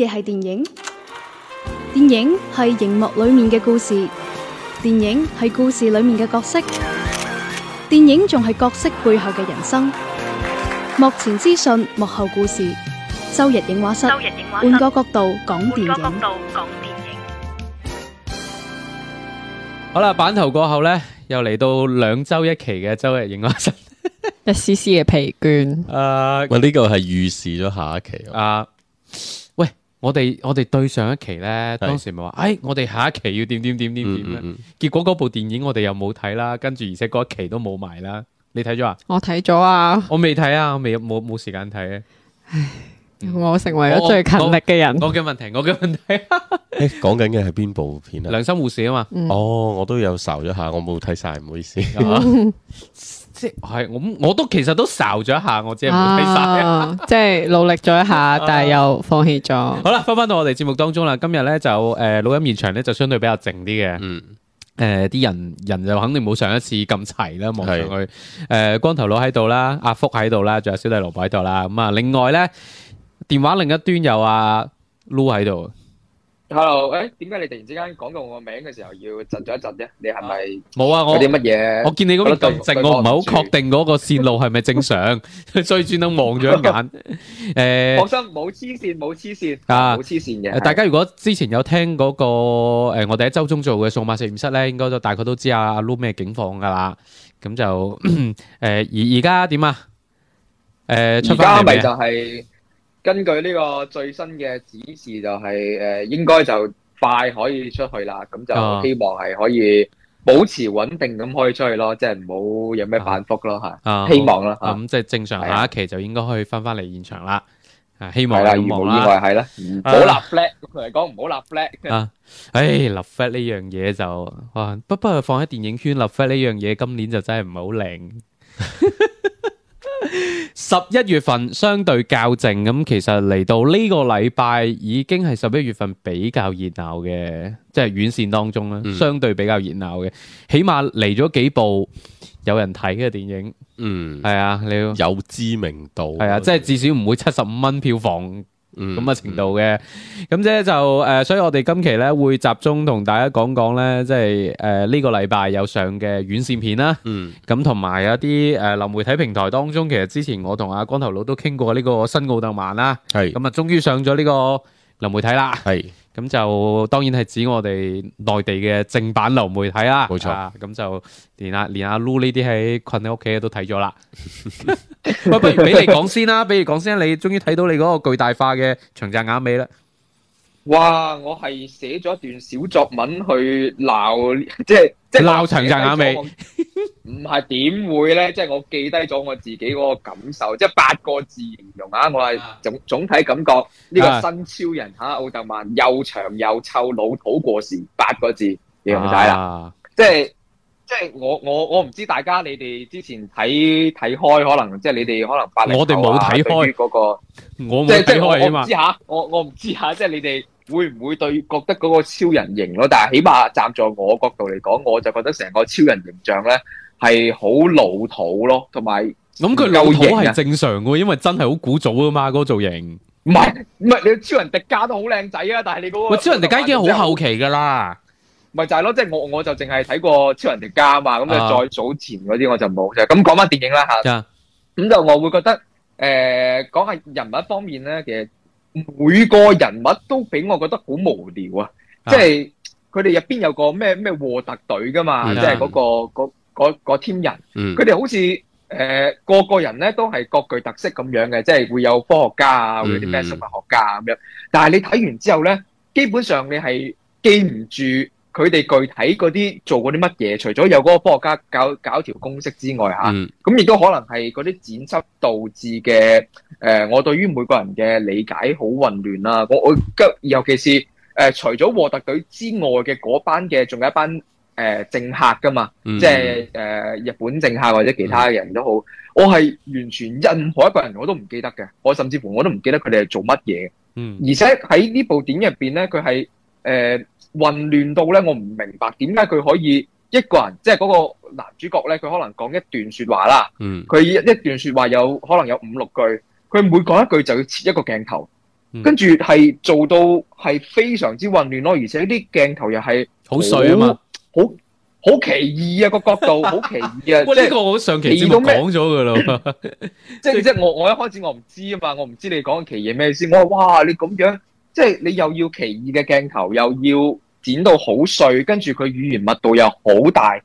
嘢係電影，電影係熒幕裏面嘅故事，電影係故事裏面嘅角色，電影仲係角色背後嘅人生。幕前資訊，幕後故事，週日映畫室，換個角度講電影。哥哥哥電影好啦，版頭過後呢，又嚟到兩週一期嘅週日映畫室， 一絲絲嘅疲倦。誒，uh, 我呢個係預示咗下一期啊。Uh, 我哋我哋對上一期呢，當時咪話，誒是，我哋下一期要點點點點點。結果嗰部電影我哋又冇睇啦，跟住而且嗰一期都冇埋啦。你睇咗啊，啊？我睇咗啊！我未睇啊，我未冇冇時間睇。唉，我成為咗最勤力嘅人。我嘅問題，我嘅問題。誒、 欸，講緊嘅係邊部片啊？良心護士啊嘛。嗯、哦，我都有搜咗下，我冇睇晒，唔好意思。 係，我我都其實都嘠咗一下，我只係冇飛曬，即係努力咗一下，但係又放棄咗。 好啦，翻翻到我哋節目當中啦，今日咧就誒錄、呃、音現場咧就相對比較靜啲嘅，誒啲、嗯呃、人人就肯定冇上一次咁齊啦，望上去誒光頭佬喺度啦，阿福喺度啦，仲有小弟龍柏喺度啦，咁啊另外咧電話另一端有阿 Lu 喺度。hello，誒，點解你突然之間講到我個名嘅時候要窒咗一窒啫？你係咪冇啊？我啲乜嘢？我見你嗰啲咁靜，我唔係好確定嗰個線路係咪正常？所以轉頭望咗一眼。誒，放心，冇黐線，冇黐線，冇黐線嘅。大家如果之前有聽嗰個誒，我哋喺周中做嘅數碼實驗室咧，應該都大概都知阿阿 Lo 咩警況噶啦。咁就誒，而而家點啊？誒，而家咪就係。根據呢個最新嘅指示，就是，就係誒，應該就快可以出去啦。咁就希望係可以保持穩定咁可以出去咯,即係唔好有咩反覆咯，吓、啊。希望啦。咁即係正常，下一期就應該可以翻翻嚟現場，啊、啦。希望啦，冇意外係啦，唔好立 flag。咁嚟講，唔好立 flag。啊，誒、嗯，立 flag 呢樣嘢就哇，不不過放喺電影圈，立 flag 呢樣嘢今年就真係唔好靈。 十一 月份相對較靜，咁其實嚟到呢個禮拜已經係十一月份比較熱鬧嘅，即係院線當中咧，相對比較熱鬧嘅，嗯、起碼嚟咗幾部有人睇嘅電影，嗯，係啊，你有知名度，係啊，即係至少唔會七十五蚊票房。嗯，咁啊程度嘅，咁、嗯、即係就誒，所以我哋今期咧會集中同大家講講咧，即係誒呢個禮拜有上嘅院線片啦，嗯，咁同埋有一啲誒流媒體平台當中，其實之前我同阿光頭佬都傾過呢個新奧特曼啦，係是，咁啊終於上咗呢個流媒體啦，係是。咁就當然係指我哋內地嘅正版流媒體啦，冇錯。咁、啊、就連阿、啊、連阿 Lu 呢啲喺困喺屋企嘅都睇咗啦。 不如俾你講先啦，比如講先你終於睇到你嗰個巨大化嘅長頸眼尾啦。哇！我係寫咗一段小作文去鬧， 即係即係鬧長就啱味，唔係點會咧？即係我記低咗我自己嗰個感受，即係八個字形容啊！我係總總體感覺呢、這個新超人吓、啊，奧特曼又長又臭，老土過時，八個字形容晒啦，啊、即係。即係我我我唔知大家，你哋之前睇睇開，可能即係你哋可能發力。我哋冇睇開嗰個，我冇睇開啊嘛。我我唔知下，我我唔知下，即係你哋會唔會對覺得嗰個超人型咯？但係起碼站在我角度嚟講，我就覺得成個超人形象咧係好老土咯，同埋咁佢老土係正常嘅，因為真係好古早啊嘛嗰造型。唔係唔係，你超人迪加都好靚仔啊，但係你嗰、嗰個超人迪加已經好後期㗎啦。咪就係咯，即係我我就淨係睇過超人迪迦啊嘛，咁就再早前嗰啲我就冇啫。咁講翻電影啦吓，咁就我會覺得誒，講下人物方面咧，其實每個人物都俾我覺得好無聊啊。即係佢哋入邊有個咩咩獲特隊噶嘛，即係嗰個嗰嗰嗰 team 人，佢哋好似誒個個人咧都係各具特色咁樣嘅，即係會有科學家啊，會有啲咩生物學家咁樣。但係你睇完之後咧，基本上你係記唔住。佢哋具體嗰啲做過啲乜嘢？除咗有嗰個科學家搞搞條公式之外，嚇咁亦都可能係嗰啲剪輯導致嘅。誒、呃，我對於每個人嘅理解好混亂啦。我我尤其是誒、呃、除咗獲特隊之外嘅嗰班嘅，仲有一班誒、呃、政客噶嘛。即係誒、呃、日本政客或者其他嘅人都好，嗯、我係完全任何一個人我都唔記得嘅。我甚至乎我都唔記得佢哋係做乜嘢。嗯，而且喺呢部片入邊咧，佢係誒。呃混亂到咧，我唔明白點解佢可以一個人，即係嗰個男主角咧，佢可能講一段説話啦。嗯，佢一段説話有可能有五六句，佢每講一句就要切一個鏡頭，嗯、跟住係做到係非常之混亂咯。而且啲鏡頭又係好水啊嘛，好好奇異啊個角度，好奇異啊！呢個我上期節目講咗㗎啦，即即我我，我一開始我唔知啊嘛，我唔知你講嘅奇異咩意思。我話哇你咁樣，樣。即係你又要奇異嘅鏡頭，又要剪到好碎，跟住佢語言密度又好大，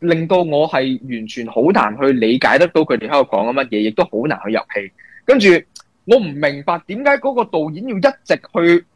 令到我係完全好難去理解得到佢哋喺度講緊乜嘢，亦都好難去入戲。跟住我唔明白點解嗰個導演要一直去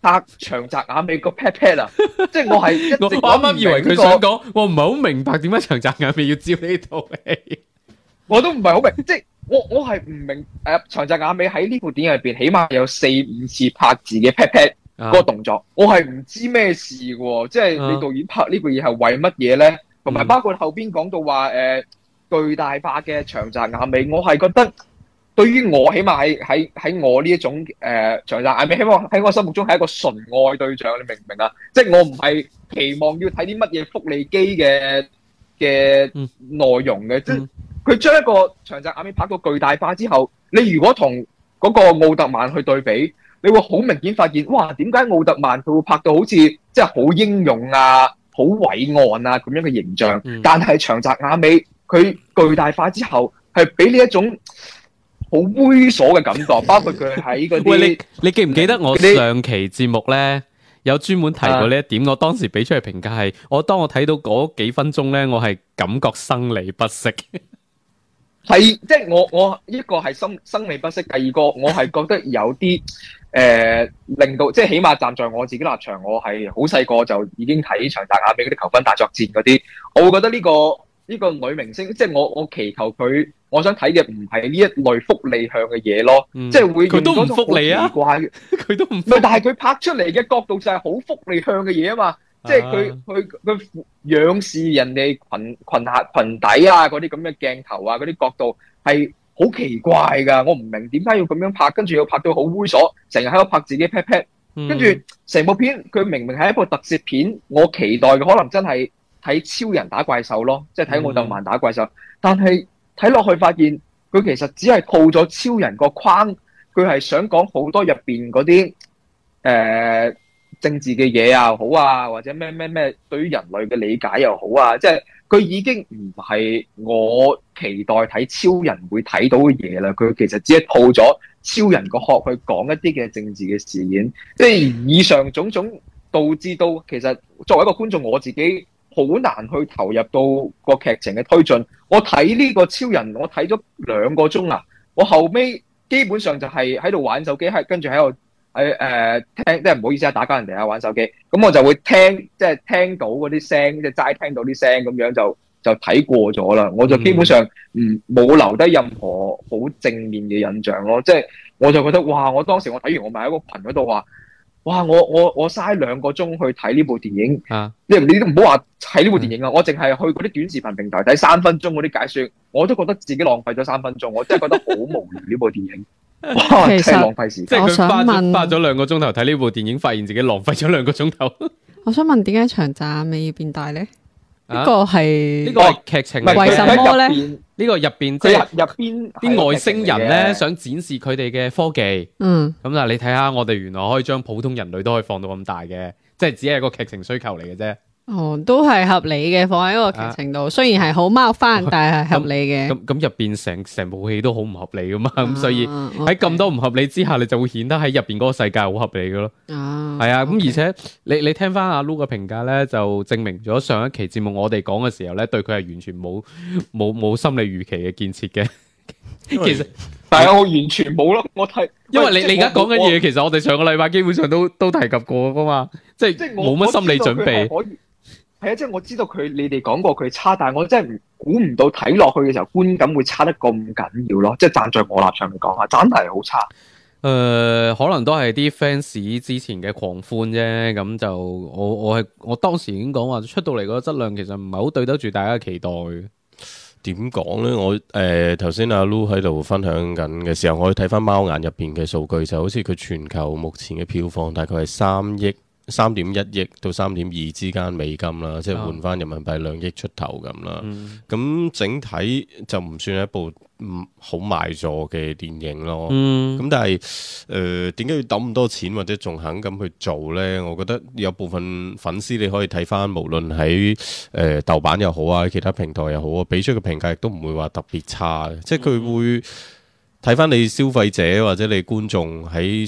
拍長澤雅美個 pat pat 啊！ 即係我係、這個、 我啱啱以為佢想講，我唔係好明白點解長澤雅美要接呢套戲， 我都唔係好明，即我我係唔明誒、呃，長澤雅美喺呢部片入邊起碼有四五次拍自己嘅 pat pat 嗰個動作，啊、我係唔知咩事喎、哦，即係你導演拍部呢部嘢係為乜嘢咧？同埋、啊、包括後邊講到話誒，巨、呃、大化嘅長澤雅美，我係覺得對於我起碼喺喺喺我呢一種誒、呃、長澤雅美，希望喺我心目中係一個純愛對象，你明唔明啊？即係我唔係期望要睇啲乜嘢福利機嘅嘅內容嘅，即係、嗯。嗯佢將一個長澤雅美拍到巨大化之後，你如果同嗰個奧特曼去對比，你會好明顯發現，哇！點解奧特曼佢會拍到好似即係好英勇啊、好偉岸啊咁樣嘅形象？但係長澤雅美佢巨大化之後，係俾呢一種好猥瑣嘅感覺。包括佢喺嗰啲，你你記唔記得我上期節目咧你有專門提過呢一點？Uh，我當時俾出嚟評價係，我當我睇到嗰幾分鐘咧，我係感覺生理不適。係，即係我我一個係生生理不適，第二個我係覺得有啲誒、呃、令到，即係起碼站在我自己立場，我係好細個就已經睇長澤雅美嗰啲求婚大作戰嗰啲，我會覺得呢個呢個女明星，即係我我祈求佢，我想睇嘅唔係呢一類福利向嘅嘢咯，嗯、即係會佢、嗯、都福利啊，怪佢都唔，唔係，但係佢拍出嚟嘅角度就係好福利向嘅嘢啊嘛。即係佢佢佢仰視人哋裙，裙下裙底啊嗰啲咁嘅鏡頭啊嗰啲角度係好奇怪噶，我唔明點解要咁樣拍，跟住要拍到好猥瑣，成日喺度拍自己 pat pat，跟住成部片佢明明係一部特攝片，我期待嘅可能真係睇超人打怪獸咯，即係睇奧特曼打怪獸，但係睇落去發現佢其實只係套咗超人個框，佢係想講好多入邊嗰啲誒。呃政治嘅嘢又好啊，或者咩咩咩，對於人類嘅理解又好啊，即係佢已經唔係我期待睇超人會睇到嘅嘢啦。佢其實只係套咗超人個殼去講一啲嘅政治嘅事件，即係以上種種導致到其實作為一個觀眾我自己好難去投入到個劇情嘅推進。我睇呢個超人，我睇咗兩個鐘啊，我後尾基本上就係喺度玩手機，跟住喺度。係誒、哎呃，聽，即係唔好意思啊，打攪人哋啊，玩手機。咁我就會聽，即係聽到嗰啲聲，即係齋聽到啲聲咁樣就就睇過咗啦。我就基本上唔冇留低任何好正面嘅印象咯。即係我就覺得哇！我當時我睇完，我咪喺個群嗰度話，哇！我我我嘥兩個鐘去睇呢部電影，啊、你你都唔好話睇呢部電影啊！啊我淨係去嗰啲短視頻平台睇三分鐘嗰啲解說，我都覺得自己浪費咗三分鐘。我真係覺得好無聊呢部電影。 哇其實即我想問，花咗兩個鐘頭睇呢部電影，發現自己浪費咗兩個鐘頭。 我想問，點解長站尾要變大咧？呢、這個係呢個劇情，為什麼咧？呢個入邊即係入邊啲外星人咧，想展示佢哋嘅科技。嗯，咁但，你睇下我哋原來可以將普通人類都可以放到咁大嘅，即係只係一個劇情需求嚟嘅啫。哦，都係合理嘅，放喺一個劇情度，啊、雖然係好貓翻，但係是但合理嘅。咁咁入邊成成部戲都好唔合理噶嘛，咁、啊、所以喺咁多唔合理之下，你就會顯得喺入邊嗰個世界好合理噶咯。啊，係啊，咁而且你你聽翻阿 Lu 嘅評價咧，就證明咗上一期節目我哋講嘅時候咧，對佢係完全冇冇冇心理預期嘅建設嘅。其實，但係我完全冇咯，我睇，因為你你而家講緊嘢，其實我哋上個禮拜基本上都都，都提及過噶嘛，即係冇乜心理準備是係啊，即係我知道佢，你哋講過佢差，但係我真係估唔到睇落去嘅時候觀感會差得咁緊要咯。即係站在我立上面講啊，真係好差。誒、呃，可能都係啲 fans 之前嘅狂歡啫。咁就我我係我當時已經講話出到嚟嗰個質量，其實唔係好對得住大家嘅期待。點講咧？我誒，頭先阿 Lu 喺度分享緊嘅時候，我可以睇翻貓眼入邊嘅數據，就好似佢全球目前嘅票房大概係三億。三點一億到三點二之間美金啦，即係、啊、換翻人民幣兩億出頭咁啦。咁、嗯、整體就唔算係一部唔好賣座嘅電影咯。咁、嗯、但係誒點解要抌咁多錢或者仲肯咁去做呢？我覺得有部分粉絲你可以睇翻，無論喺誒、呃、豆瓣又好啊，其他平台又好啊，俾出嘅評價亦都唔會話特別差嘅。嗯、即係佢會睇翻你消費者或者你觀眾喺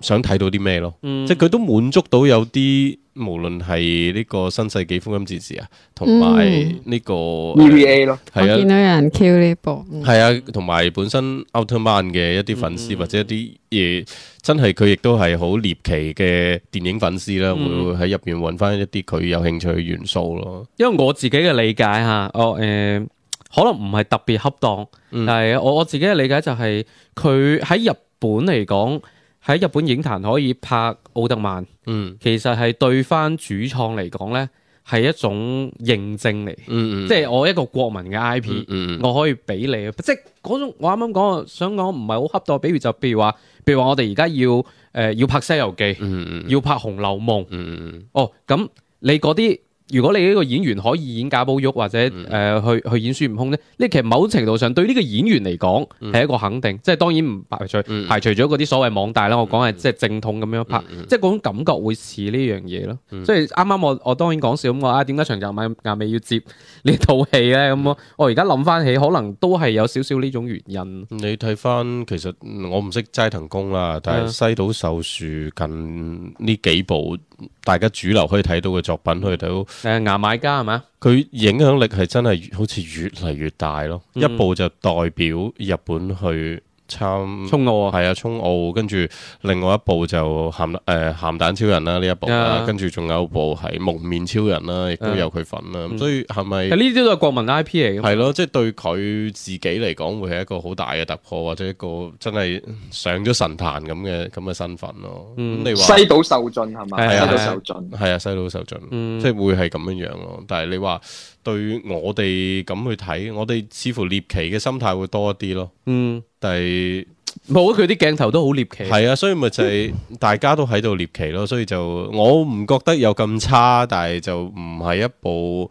想睇到啲咩咯？嗯、即係佢都滿足到有啲，無論係呢個新世紀福音戰士啊，同埋呢個 EVA 咯。我見到有人 Q 呢部，係、嗯、啊，同埋本身奧特曼嘅一啲粉絲或者一啲嘢，真係佢亦都係好獵奇嘅電影粉絲啦。會喺入邊揾翻一啲佢有興趣嘅元素咯。因為我自己嘅理解嚇，我誒、呃、可能唔係特別恰當，嗯、但係我我自己嘅理解就係佢喺日本嚟講。喺日本影壇可以拍奧特曼，嗯，其實係對翻主創嚟講咧，係一種認證嚟，嗯，嗯嗯，即係我一個國民嘅 IP，嗯嗯，嗯我可以俾你，即係嗰種我啱啱講，想講唔係好恰當，比如就譬如話，譬如話我哋而家要誒、呃、要拍西遊記，嗯嗯，嗯要拍紅樓夢，嗯，嗯嗯嗯，哦，咁你嗰啲。如果你呢個演員可以演賈寶玉或者誒去去演孫悟空咧，呢其實某程度上對呢個演員嚟講係一個肯定，嗯、即係當然唔排除、嗯、排除咗嗰啲所謂網大啦。嗯、我講係即係正統咁樣拍，嗯、即係嗰種感覺會似呢樣嘢咯。嗯、所以啱啱我我當然講笑咁話啊，點解長澤雅雅美要接呢套戲咧？咁我而家諗翻起，可能都係有少少呢種原因。你睇翻其實我唔識齋藤工啦，但係西島秀樹近呢幾部。大家主流可以睇到嘅作品去到，誒牙買加係嘛？佢影響力係真係好似越嚟越大咯，一部就代表日本去。參衝奧啊，係啊衝奧，跟住另外一部就鹹蛋誒鹹蛋超人啦，呢一部啦，跟住仲有部係蒙面超人啦，亦都有佢份啦。咁所以係咪？呢啲都係國民 IP 嚟嘅。係咯，即係對佢自己嚟講，會係一個好大嘅突破，或者一個真係上咗神壇咁嘅咁嘅身份咯。你話西島秀俊係咪？係啊，西島秀俊係啊，西島秀俊，即係會係咁樣樣咯。但係你話對我哋咁去睇，我哋似乎獵奇嘅心態會多一啲咯。嗯。但係冇佢啲鏡頭都好獵奇，係啊，所以咪就係大家都喺度獵奇咯，所以就我唔覺得有咁差，但係就唔係一部誒、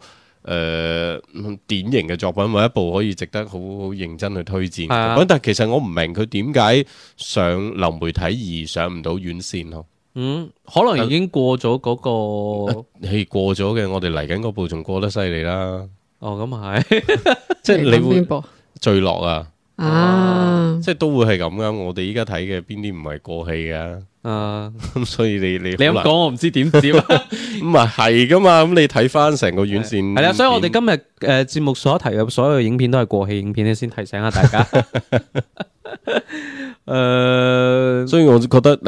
呃、典型嘅作品，或一部可以值得好好認真去推薦。咁、啊、但係其實我唔明佢點解上流媒體而上唔到院線咯？嗯，可能已經過咗嗰、嗰個係、啊啊、過咗嘅，我哋嚟緊嗰部仲過得犀利啦。哦，咁係，即 係 你會墜落啊！啊！啊即係都會係咁樣，我哋依家睇嘅邊啲唔係過氣噶啊！咁 所以你你你咁講， 我唔知點點啦。咁啊係噶嘛，咁你睇翻成個院線係啦是片。所以我哋今日誒、呃、節目所提嘅所有影片都係過氣影片咧，你先提醒下大家。 誒， 呃、所以我覺得誒，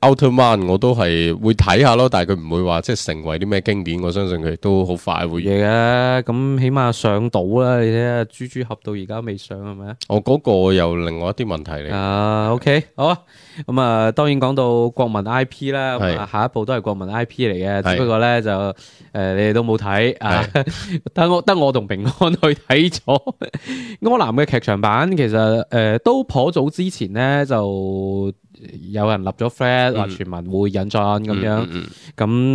奧、呃、特曼我都係會睇下咯，但係佢唔會話即係成為啲咩經典，我相信佢都好快會嘅。咁、啊、起碼上到啦，你睇下豬豬俠到而家未上係咪？我嗰、哦那個又另外一啲問題嚟啊。OK，是好、啊。咁啊、嗯，當然講到國民 I P 啦，下一部都係國民 I P 嚟嘅。是只不過咧就誒，你哋都冇睇啊，但是我但我同平安去睇咗柯南嘅劇場版，其實誒都頗早之前咧就有人立咗 friend 話傳聞會引進咁、mm，樣咁誒、mm,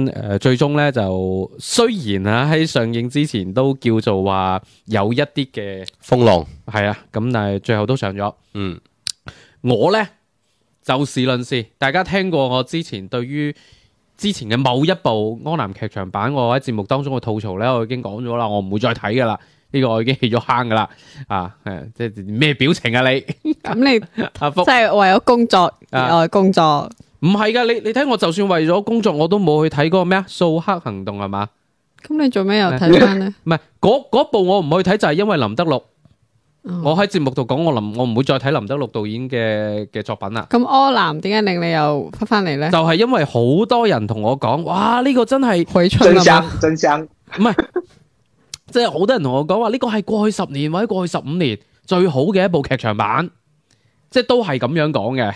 mm, mm,，最終咧就雖然啊喺上映之前都叫做話有一啲嘅風浪，係啊，咁但係最後都上咗嗯，我咧。就事論事，大家聽過我之前對於之前嘅某一部柯南劇場版我喺節目當中嘅吐槽咧，我已經講咗啦，我唔會再睇噶啦，呢、這個我已經起咗坑噶啦。啊，係、啊、即係咩表情啊你？咁 你阿福即係為咗工，工作，愛工作？唔係噶，你你睇我就算為咗工作我，我都冇去睇嗰個咩啊？掃黑行動係嘛？咁你做咩又睇翻咧？唔係嗰部我唔去睇就係因為林德綠。Oh. 我喺節目度講，我林我唔會再睇林德禄導演嘅嘅作品啦。咁柯南點解令你又翻翻嚟呢？就係因為好多人同我講，哇呢、這個真係真香真香，唔係即係好多人同我講話呢個係過去十年或者過去十五年最好嘅一部劇場版，即、就、係、是、都係咁樣講嘅。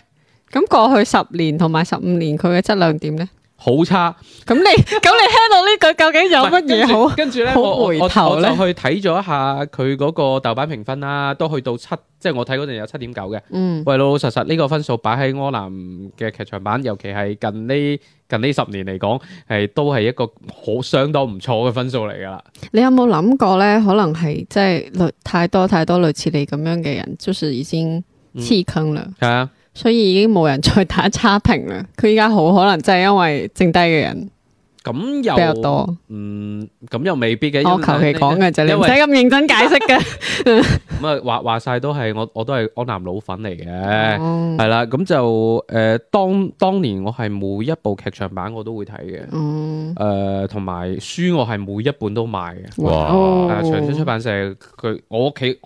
咁過去十年同埋十五年佢嘅質量點呢？好差，咁你咁你聽到呢句究竟有乜嘢好呢？跟，跟住咧，我我我就去睇咗一下佢嗰個豆瓣評分啦，都去到七，即係我睇嗰陣有七點九嘅。嗯，喂老老實實呢個分數擺喺柯南嘅劇場版，尤其係近呢近呢十年嚟講係都係一個好相當唔錯嘅分數嚟噶啦你有冇諗過咧？可能係即係類太多太多類似你咁樣嘅人，就是已經棄坑啦。啊、嗯！所以已經冇人再打差評啦。佢而家好可能真係因為剩低嘅人，咁又多。又嗯，咁又未必嘅。我求其講嘅就，為你唔使咁認真解釋嘅。咁啊，話話晒都係我，我都係柯南老粉嚟嘅，係啦、哦。咁就誒、呃，當當年我係每一部劇場版我都會睇嘅。誒、嗯，同埋、呃、書我係每一本都買嘅。哇！長春、哦、出版社佢我屋企。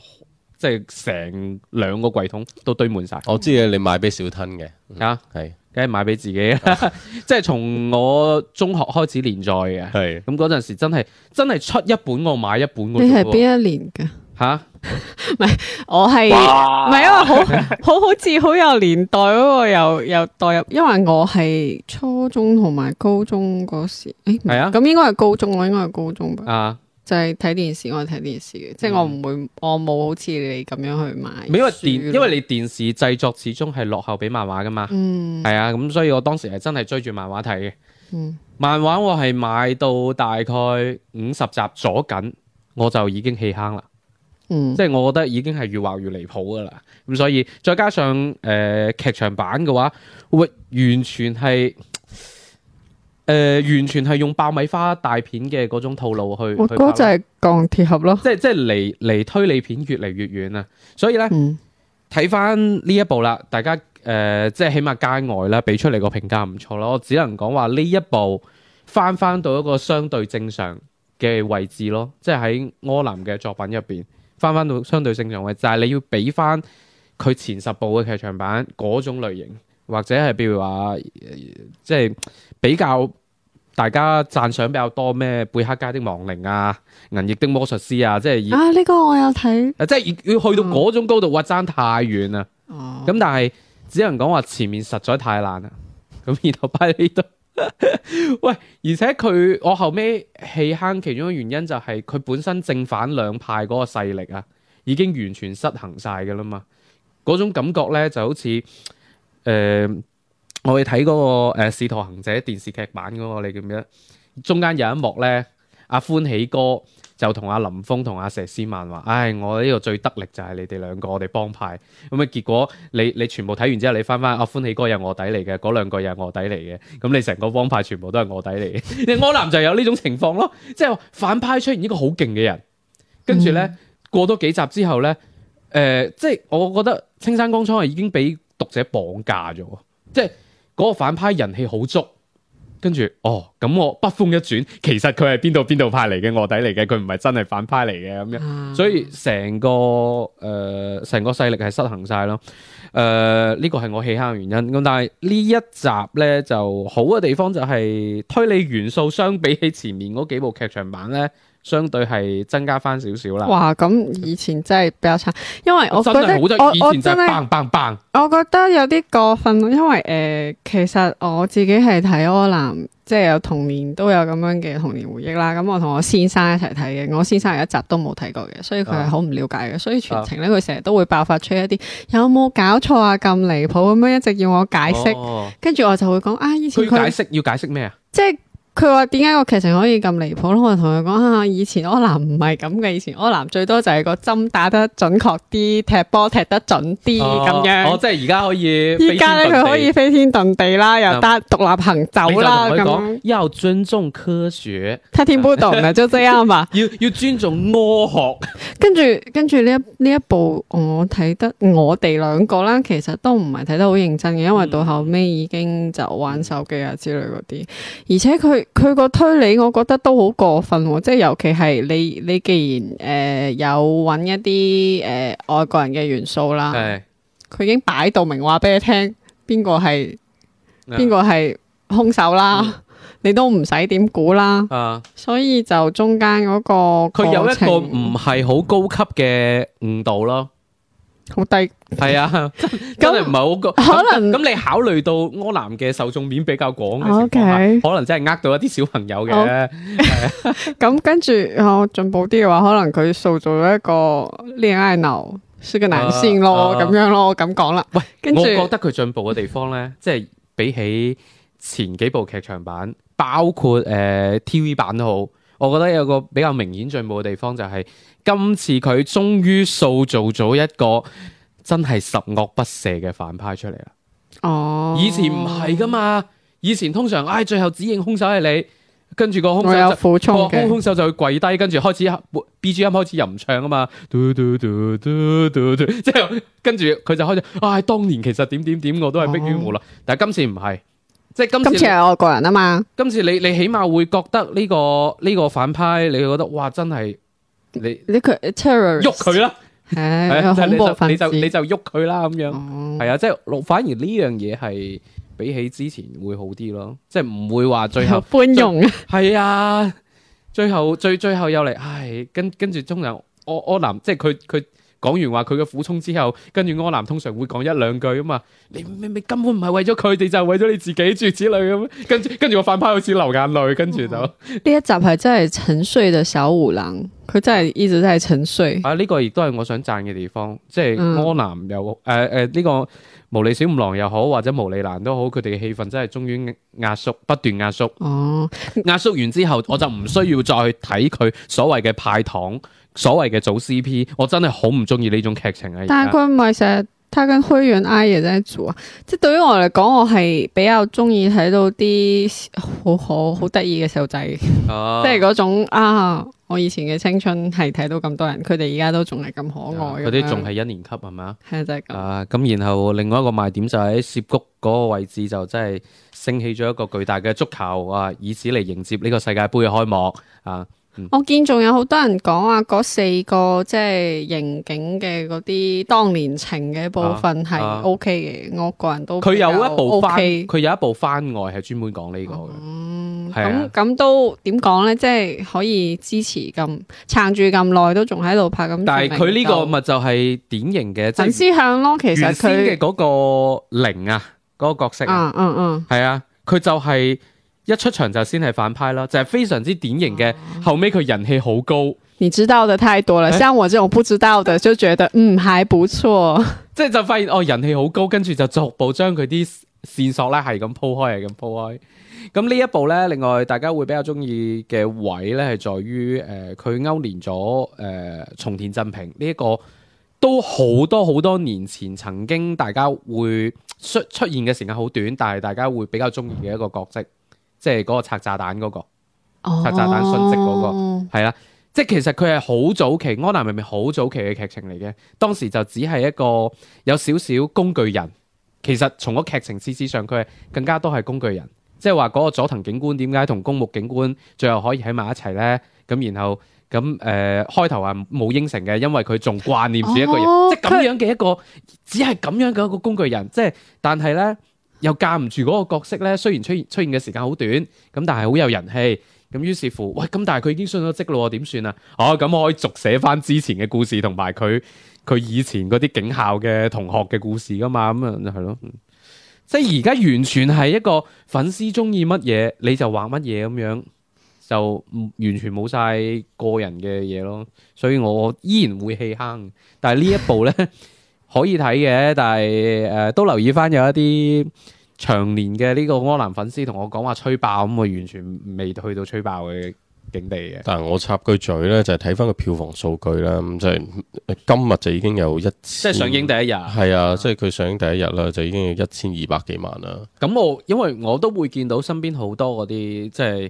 即係成兩個櫃桶都堆滿晒。我知你買俾小吞嘅？吓，係梗係買俾自己。 即係從我中學開始連載嘅，係咁嗰陣時真係真係出一本我買一本。你係邊一年噶吓？唔係、啊、 我係，唔係哇因為 好好好似好有年代嗰個，又又代入。因為我係初中同埋高中嗰時，誒、欸、係啊，咁應該係高中，我應該係高中吧。啊！就係睇電視，我睇電視嘅，即係我唔會，嗯、我冇好似你咁樣去買。因為電，因為你電視製作始終係落後畀漫畫噶嘛，係、嗯、啊，咁所以我當時係真係追住漫畫睇嘅。嗯、漫畫我係買到大概五十集左右，我就已經棄坑啦。嗯，即係我覺得已經係越畫越離譜噶啦。咁所以再加上誒、呃、劇場版嘅話，會完全係。誒、呃，完全係用爆米花大片嘅嗰種套路去。我哥、哦、就係鋼鐵俠咯。即係即係離離推理片越嚟越遠啊！所以咧，睇翻呢一部啦，大家誒、呃，即係起碼街外啦，俾出嚟個評價唔錯咯。我只能講話呢一部翻翻到一個相對正常嘅位置咯，即係喺柯南嘅作品入邊翻翻到相對正常位，就係、是、你要俾翻佢前十部嘅劇場版嗰種類型。或者係譬如話，即係比較大家讚賞比較多咩？貝克街的亡靈啊，銀翼的魔術師啊，即係啊，呢、這個我有睇。即係要去到嗰種高度，哇、啊，爭太遠啦。哦，咁但係只能講話前面實在太爛啦。咁然後擺喺呢度，喂！而， 而且佢我後尾棄坑，其中嘅原因就係佢本身正反兩派嗰個勢力啊，已經完全失衡晒噶啦嘛。嗰種感覺咧，就好似。誒、呃，我去睇嗰、那個誒《使、呃、徒行者》電視劇版嗰個，你叫咩？中間有一幕咧，阿、啊、歡喜哥就同阿、啊、林峰同阿佘詩曼話，唉、哎，我呢個最得力就係你哋兩個，我哋幫派。咁、嗯、啊，結果你你全部睇完之後，你翻翻阿、啊、歡喜哥又卧底嚟嘅，嗰兩個又卧底嚟嘅，咁你成個幫派全部都係卧底嚟嘅。柯南就有呢種情況咯，即係反派出現一個好勁嘅人，跟住咧過多幾集之後咧，誒、呃，即係我覺得青山剛昌已經俾讀者綁架咗，即係嗰個反派人氣好足，跟住哦，咁我筆鋒一轉，其實佢係邊度邊度派嚟嘅臥底嚟嘅，佢唔係真係反派嚟嘅咁樣，所以成個誒成、呃、個勢力係失衡晒咯。誒、呃，呢個係我棄坑嘅原因。咁但係呢一集呢，就好嘅地方就係推理元素，相比起前面嗰幾部劇場版呢。相對係增加翻少少啦。哇，咁以前真係比較差，因為我覺得我真以前我真我覺得有啲過分，因為誒、呃，其實我自己係睇柯南，即係有童年都有咁樣嘅童年回憶啦。咁我同我先生一齊睇嘅，我先生有一集都冇睇過嘅，所以佢係好唔了解嘅。所以全程咧，佢成日都會爆發出一啲有冇搞錯啊，咁離譜咁樣，一直要我解釋。跟住，哦，我就會講啊，以前佢解釋要解釋咩啊？即係。佢話點解個劇情可以咁離譜咯？我同佢講下，以前柯南唔係咁嘅，以前柯南最多就係個針打得準確啲，踢波踢得準啲咁、哦、樣。哦，即係而家可以。而家咧，佢可以飛天遁地啦，地嗯、又得獨立行走啦。咁樣要尊重科學，他天不懂啊，就這樣吧。要要尊重柯學。 跟住跟住呢一呢一部我睇得我哋兩個啦，其實都唔係睇得好認真嘅，因為到後尾已經就玩手機啊之類嗰啲，而且佢。佢個推理，我覺得都好過分，即係尤其係你你既然誒、呃、有揾一啲誒、呃、外國人嘅元素啦，佢已經擺到明話俾你聽，邊個係邊個係兇手啦，啊、你都唔使點估啦。啊，所以就中間嗰個佢有一個唔係好高級嘅誤導咯。好低，係啊，真真係唔係好高。可能咁你考慮到柯南嘅受眾面比較廣嘅情況，可能真係呃到一啲小朋友嘅。咁跟住，好進步啲嘅話，可能佢塑造咗一個戀愛腦，是個男性咯，咁樣咯，咁講啦。喂，跟住我覺得佢進步嘅地方咧，即係比起前幾部劇場版，包括誒 TV 版都好。我覺得有個比較明顯進步嘅地方就係，今次佢終於塑造咗一個真係十惡不赦嘅反派出嚟啦。哦，以前唔係㗎嘛，以前通常唉、哎、最後指認凶手係你，跟住個凶手就凶手就去跪低，跟住開始 BGM 開始吟唱啊嘛，即係跟住佢就開始唉、哎、當年其實點點點我都係逼於無奈，哦、但係今次唔係。即係今次係我個人啊嘛，今次你你起碼會覺得呢個呢個反派，你會覺得哇真係你你佢喐佢啦，係恐怖分子，你就你就喐佢啦咁樣，係啊，即係反而呢樣嘢係比起之前會好啲咯，即係唔會話最後歡容係啊，最後最最後又嚟，唉跟跟住中人，我我男即係佢佢。講完話佢嘅苦衷之後，跟住柯南通常會講一兩句啊嘛，你，你，你根本唔係為咗佢哋，就係、是、為咗你自己住之類咁，跟住跟住個反派好似流眼淚，跟住就呢哇 一集係真係沉睡嘅小五郎。佢真係一直都係沉睡。啊，呢、這個亦都係我想讚嘅地方，即係柯南又誒誒呢個無理毛利小五郎又好，或者毛利蘭都好，佢哋嘅氣氛真係終於壓縮，不斷壓縮。哦，壓縮完之後，我就唔需要再去睇佢所謂嘅派糖，所謂嘅組 C P，我真係好唔中意呢種劇情啊！但係佢唔係成日，佢跟虛遠 I 嘢在做啊！即係對於我嚟講，我係比較中意睇到啲好好好得意嘅細路仔，即係嗰種啊！我以前嘅青春係睇到咁多人，佢哋而家都仲係咁可愛。佢啲仲係一年級係咪？就是、啊？係就係咁啊！咁然後另外一個賣點就喺澀谷嗰個位置，就真係升起咗一個巨大嘅足球啊，以此嚟迎接呢個世界盃嘅開幕啊！嗯、我見仲有好多人講啊，嗰四個即係、就是、刑警嘅嗰啲當年情嘅部分係 OK 嘅，啊啊、我個人都佢、OK、有一部佢有一部番外係專門講呢個嘅。啊啊啊咁咁、嗯、都點講咧？即係可以支持咁撐住咁耐，都仲喺度拍咁。但係佢呢個咪就係典型嘅粉、嗯、絲向咯。其實佢嘅嗰個零啊，嗰、那個角色、啊，嗯嗯嗯，係啊，佢就係一出場就先係反派咯，就係、是、非常之典型嘅。嗯嗯後尾佢人氣好高。你知道的太多了，像我這種不知道的就覺得嗯 還不錯。即係就，就發現哦人氣好高，跟住就逐步將佢啲線索咧係咁鋪開，係咁鋪開。咁呢一部咧，另外大家會比較中意嘅位咧，係在於誒，佢、呃、勾連咗誒、呃、松田陣平呢、這、一個都好多好多年前曾經大家會出出現嘅時間好短，但係大家會比較中意嘅一個角色，即係嗰個拆炸彈嗰、那個，哦、拆炸彈殉職嗰個，係啦，即係其實佢係好早期，柯南明明好早期嘅劇情嚟嘅，當時就只係一個有少少工具人，其實從個劇情設置上，佢係更加多係工具人。即係話嗰個佐藤警官點解同公木警官最後可以喺埋一齊呢？咁然後咁誒、呃、開頭係冇應承嘅，因為佢仲掛念住一個人，哦、即係咁樣嘅一個，他是 只係咁樣嘅一個工具人。即係，但係呢，又架唔住嗰個角色呢。雖然出現出現嘅時間好短，咁但係好有人氣。咁於是乎，喂，咁但係佢已經信咗職啦，點算啊？哦，咁我可以續寫翻之前嘅故事，同埋佢佢以前嗰啲警校嘅同學嘅故事噶嘛？咁、嗯、啊，就係咯。即係而家完全係一個粉絲中意乜嘢你就畫乜嘢咁樣，就完全冇晒個人嘅嘢咯。所以我依然會棄坑，但係呢一部咧可以睇嘅，但係誒、呃、都留意翻有一啲長年嘅呢個柯南粉絲同我講話吹爆咁，我完全未去到吹爆嘅。景地嘅，但係我插句嘴咧，就係睇翻個票房數據啦，咁就係，今日就已經有一千，即係上映第一日，係啊，即係佢上映第一日啦，就已經有一千二百幾萬啦。咁、嗯嗯、我因為我都會見到身邊好多嗰啲即係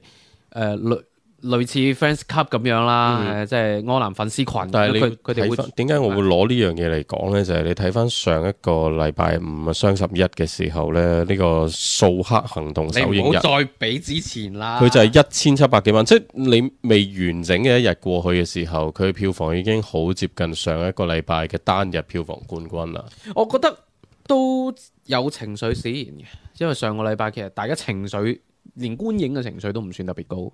誒類似 fans club 咁樣啦，嗯、即係柯南粉絲群。但係佢哋會點解我會攞呢樣嘢嚟講呢，麼就係你睇翻上一個禮拜五雙十一嘅時候呢，呢、呢個掃黑行動首映日，你唔好再比之前啦。佢就係一千七百幾萬，即係你未完整嘅一日過去嘅時候，佢票房已經好接近上一個禮拜嘅單日票房冠軍啦。我覺得都有情緒使然嘅，因為上個禮拜其實大家情緒連觀影嘅情緒都唔算特別高。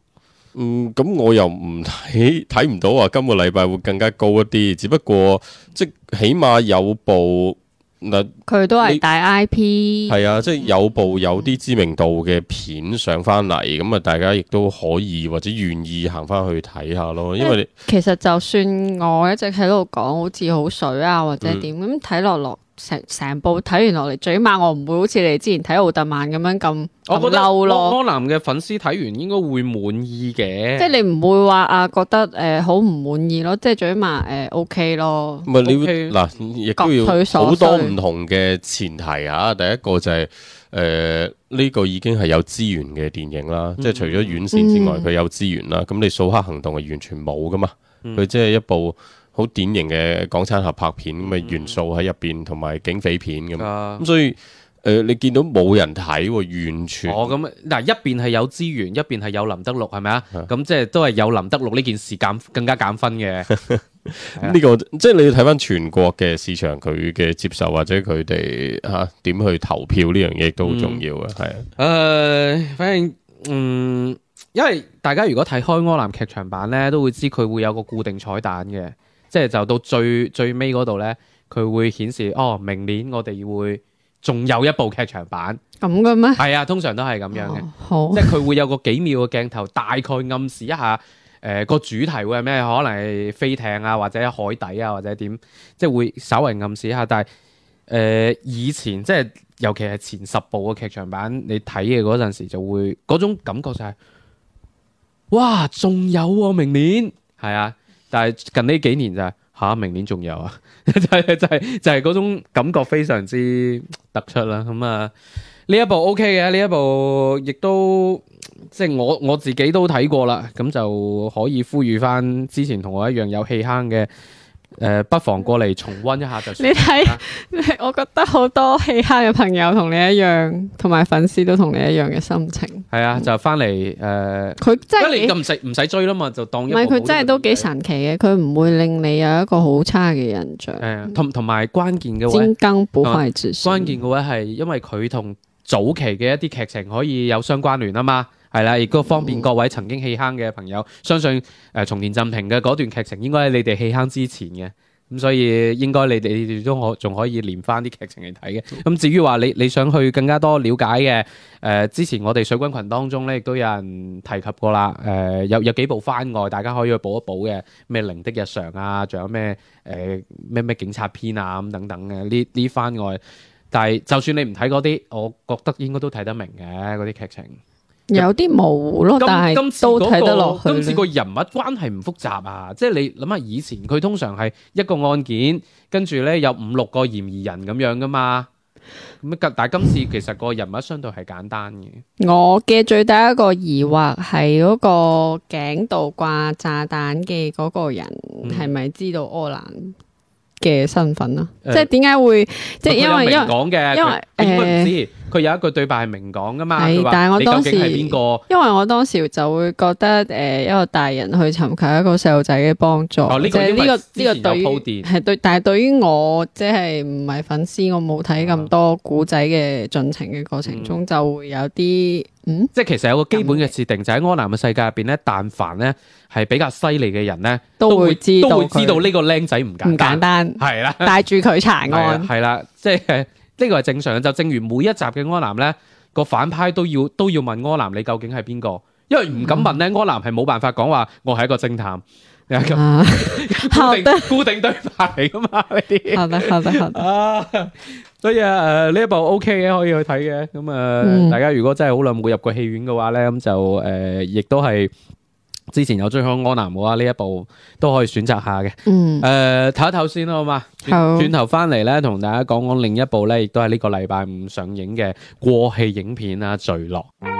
嗯，咁我又唔睇睇唔到啊！今個禮拜會更加高一啲，只不過即起碼有部嗱，佢、呃、都係大 IP，係啊，即係有部有啲知名度嘅片上翻嚟，咁啊、嗯、大家亦都可以或者願意行翻去睇下咯，因為你其實就算我一直喺度講好似好水啊或者點，咁睇落落。成成部睇完落嚟，最起碼我唔會好似你之前睇奧特曼咁樣咁我嬲咯。柯南嘅粉絲睇完應該會滿意嘅，即係你唔會話啊覺得誒好唔滿意咯。即係最起碼誒 OK 咯。唔係你嗱，亦都要好多唔同嘅前提啊。第一個就係誒呢個已經係有資源嘅電影啦，mm hmm. 即係除咗院線之外，佢、mm hmm. 有資源啦。咁你掃黑行動係完全冇噶嘛？佢即係一部。好典型嘅港產合拍片咁嘅、嗯、元素喺入邊，同埋警匪片咁。咁、啊、所以，誒、呃、你見到冇人睇喎，完全。哦咁，嗱一邊係有資源，一邊係有林德祿，係咪啊？咁即係都係有林德祿呢件事減更加減分嘅。呢個即係你要睇翻全國嘅市場，佢嘅接受或者佢哋嚇點去投票呢樣嘢都好重要嘅。係啊、嗯。誒的、呃，反正嗯，因為大家如果睇開柯南劇場版咧，都會知佢會有個固定彩蛋嘅。即係就到最最尾嗰度呢，佢會顯示，哦，明年我哋會仲有一部劇場版。咁嘅咩？係啊，通常都係咁樣嘅。哦、好、即係佢會有個幾秒嘅鏡頭，大概暗示一下誒個、呃、主題會係咩？可能係飛艇啊，或者海底啊，或者點，即係會稍微暗示一下。但係誒、呃、以前即係尤其係前十部嘅劇場版，你睇嘅嗰陣時就會嗰種感覺就係、是、哇，仲有喎、啊！明年係啊。但係近呢幾年就係嚇、啊，明年仲有啊！ 就係、是、就係、是、就係、是、嗰種感覺非常之突出啦。咁啊，呢、嗯、一部 O K 嘅，呢一部亦都即係我我自己都睇過啦。咁就可以呼籲翻之前同我一樣有氣坑嘅。誒、呃，不妨過嚟重溫一下就算。算。你睇，我覺得好多其他嘅朋友同你一樣，同埋粉絲都同你一樣嘅心情。係、嗯、啊，就翻嚟誒。佢真係你又唔使唔使追啦嘛，就當唔係佢真係都幾神奇嘅，佢唔會令你有一個好差嘅印象。誒、嗯，同同埋關鍵嘅話。專登補翻嚟，關鍵嘅位係因為佢同早期嘅一啲劇情可以有相關聯啊嘛。係啦，亦都方便各位曾經棄坑嘅朋友，相信誒、呃、松田陣平嘅嗰段劇情，應該係你哋棄坑之前嘅。咁，所以應該你哋都可仲可以連翻啲劇情嚟睇嘅。咁、嗯、至於話你你想去更加多了解嘅誒、呃，之前我哋水軍群當中咧，亦都有人提及過啦。誒、呃、有有幾部番外，大家可以去補一補嘅，咩《零的日常》啊，仲有咩誒咩咩警察篇啊咁等等嘅呢啲番外。但係就算你唔睇嗰啲，我覺得應該都睇得明嘅嗰啲劇情。有啲模糊咯，但係都睇得落去。今次個人物關係唔複雜啊，即係你諗下以前佢通常係一個案件，跟住咧有五六個嫌疑人咁樣噶嘛。咁但係今次其實個人物相對係簡單嘅。我嘅最大一個疑惑係嗰個頸度掛炸彈嘅嗰個人係咪知道柯南嘅身份啊？即係點解會？即係因為因為因為唔知。佢有一句對白係明講噶嘛？係，但係我當時因為我當時就會覺得誒一個大人去尋求一個細路仔嘅幫助，即係呢個呢個對於係對，但係對於我即係唔係粉絲，我冇睇咁多古仔嘅進程嘅過程中就會有啲嗯，即係其實有個基本嘅設定，就喺柯南嘅世界入邊咧，但凡咧係比較犀利嘅人咧，都會都會知道呢個僆仔唔簡單，係啦，帶住佢查案係啦，即係。呢個係正常，就正如每一集嘅柯南呢個反派都要都要問柯南，你究竟係邊個？因為唔敢問呢，柯南係冇辦法講話我係一個偵探。啊，固定對白嚟㗎嘛呢啲。所以誒呢、呃、一部 O K 嘅可以去睇嘅，咁、嗯、啊大家如果真係好耐冇入過戲院嘅話呢，咁就誒亦、呃、都係。之前有追《柯南》嘅啊，呢一部都可以選擇下嘅。嗯，誒睇、呃、一睇先啦，好嘛。好，轉頭翻嚟咧，同大家講講另一部咧，亦都係呢個禮拜五上映嘅過氣影片啊，《墜落》，嗯。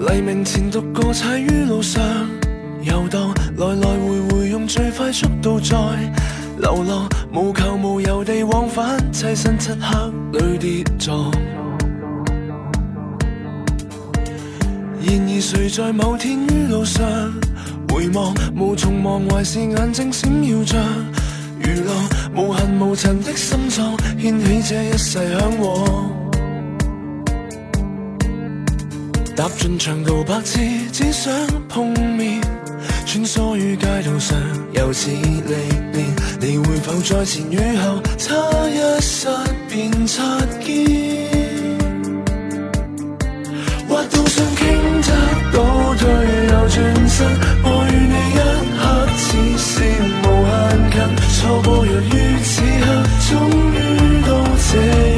黎明前獨個踩於路上。遊蕩來來回回用最快速度在流浪，無求無由地往返，棲身漆黑裏跌撞。然而誰在某天於路上回望，無從忘懷是眼睛閃耀着娛樂無痕無塵的心臟，掀起這一世向往。 踏進長途百次，只想碰面。穿梭於街道上，由此歷練。你會否在前與後差一剎便擦肩？滑動上傾側，倒退又轉身，我與你一刻似是無限近，錯過若於此刻，終於到這。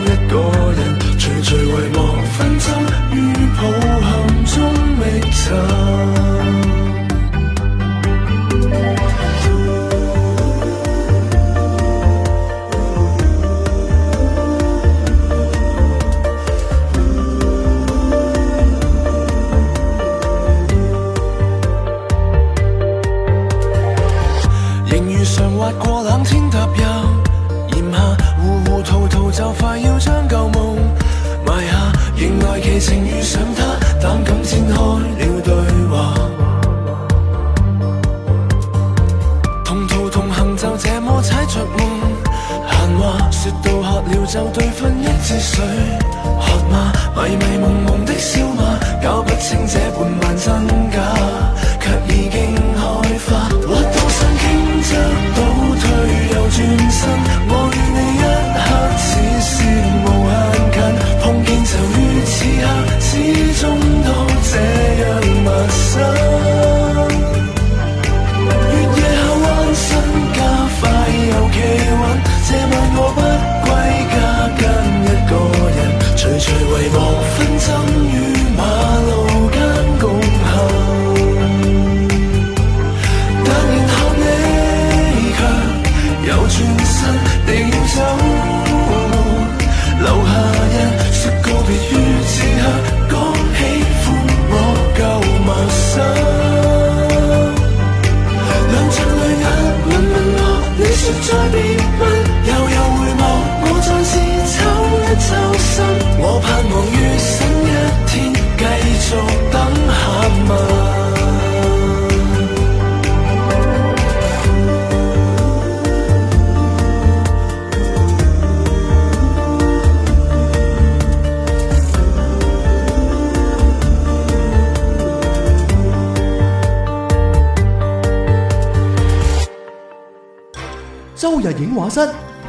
影畫室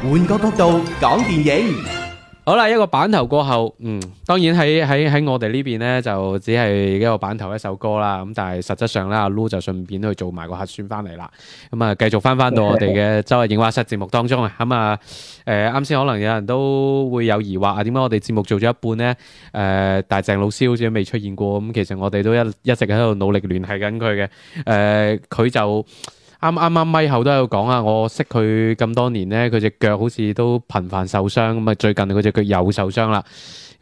換個角度講電影，好啦，一個版頭過後，嗯，當然喺喺喺我哋呢邊呢，就只係一個版頭一首歌啦，咁但係實質上呢，阿 Lu 就順便去做埋個核酸翻嚟啦。咁、嗯、啊，繼續翻翻到我哋嘅周日影畫室節目當中啊，咁啊誒啱先可能有人都會有疑惑啊，點解我哋節目做咗一半呢？嗯，誒，大鄭老師好似未出現過，咁、嗯、其實我哋都一一直喺度努力聯繫緊佢嘅，誒、嗯，佢就。啱啱啱咪後都有度講啊！我識佢咁多年咧，佢隻腳好似都頻繁受傷咁啊！最近嗰隻腳又受傷啦，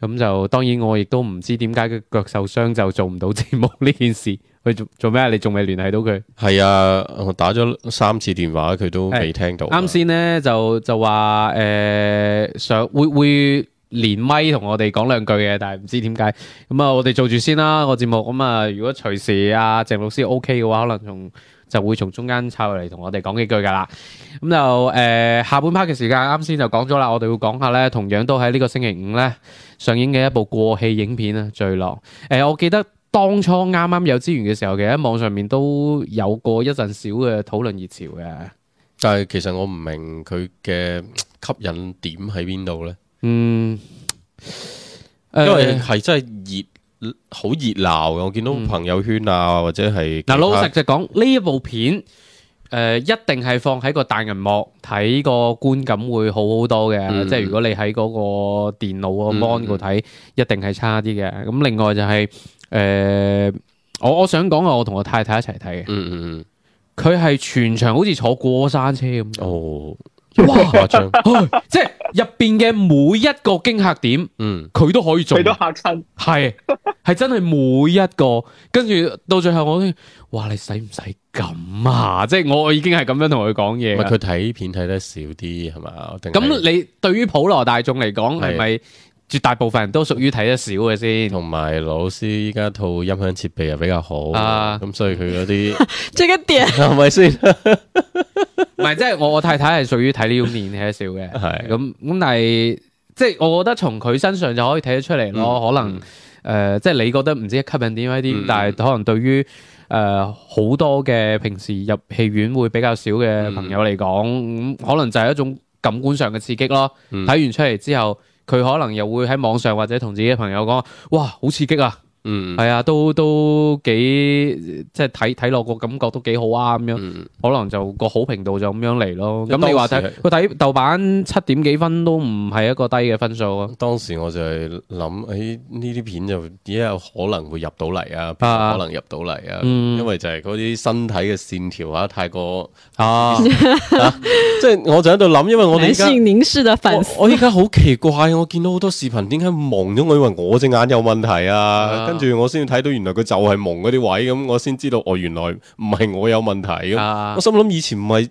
咁就當然我亦都唔知點解佢腳受傷就做唔到節目呢件事。佢做做咩啊？你仲未聯繫到佢？係啊，我打咗三次電話，佢都未聽到。啱先咧就就話誒、呃、上會會連咪同我哋講兩句嘅，但係唔知點解咁啊！我哋做住先啦個節目咁啊、嗯！如果隨時阿、啊、鄭老師 OK 嘅話，可能仲……就會從中間插落嚟同我哋講幾句噶啦，咁就誒、呃、下半 part 嘅時間，啱先就講咗啦，我哋會講下咧，同樣都喺呢個星期五咧上映嘅一部過氣影片啊，《墜落》誒，我記得當初啱啱有資源嘅時候，其實喺網上面都有過一陣小嘅討論熱潮嘅，但係其實我唔明佢嘅吸引點喺邊度咧，嗯，呃、因為係真係熱。好熱鬧，我見到朋友圈啊，或者係嗱，老實就講呢一部片，誒、呃，一定係放喺個大銀幕睇個觀感會好好多嘅，嗯嗯，即係如果你喺嗰個電腦個 mon 度睇，一定係差啲嘅。咁另外就係誒，我我想講啊，我同我太太一齊睇嘅，嗯嗯嗯，佢係全場好似坐過山車咁。哦哇！ 即係入邊嘅每一個驚嚇點，嗯，佢都可以做，佢都嚇親，係 係真係每一個。跟住到最後，我都，哇！你使唔使咁啊？即係我已經係咁樣同佢講嘢。佢睇片睇得少啲係咪？咁你對於普羅大眾嚟講，係咪？絕大部分人都屬於睇得少嘅先，同埋老師依家套音響設備又比較好，咁、啊、所以佢嗰啲即得意，係咪先？唔係，即係我我太太係屬於睇呢種面睇得少嘅，係咁咁，但係即係我覺得從佢身上就可以睇得出嚟咯。嗯、可能誒，即、呃、係、就是、你覺得唔知吸引點喺啲，嗯、但係可能對於誒好、呃、多嘅平時入戲院會比較少嘅朋友嚟講、嗯，可能就係一種感官上嘅刺激咯。睇完出嚟之後。 佢可能又會喺網上或者同自己嘅朋友講，哇，好刺激啊。嗯，係啊，都都幾即係睇睇落個感覺都幾好啊，咁樣、嗯、可能就個好評度就咁樣嚟咯。咁你話睇個睇豆瓣七點幾分都唔係一個低嘅分數啊。當時我就係諗誒呢啲片就而家有可能會入到嚟啊，可能入到嚟啊，嗯、因為就係嗰啲身體嘅線條啊太過啊， 啊，啊，即係我就喺度諗，因為我哋男性凝視的反思，我而家好奇怪，我見到好多視頻點解望咗我，以為我隻眼有問題啊。啊跟住我先睇到，原來佢就係矇嗰啲位，咁我先知道，哦，原來唔係我有問題。我心諗以前唔係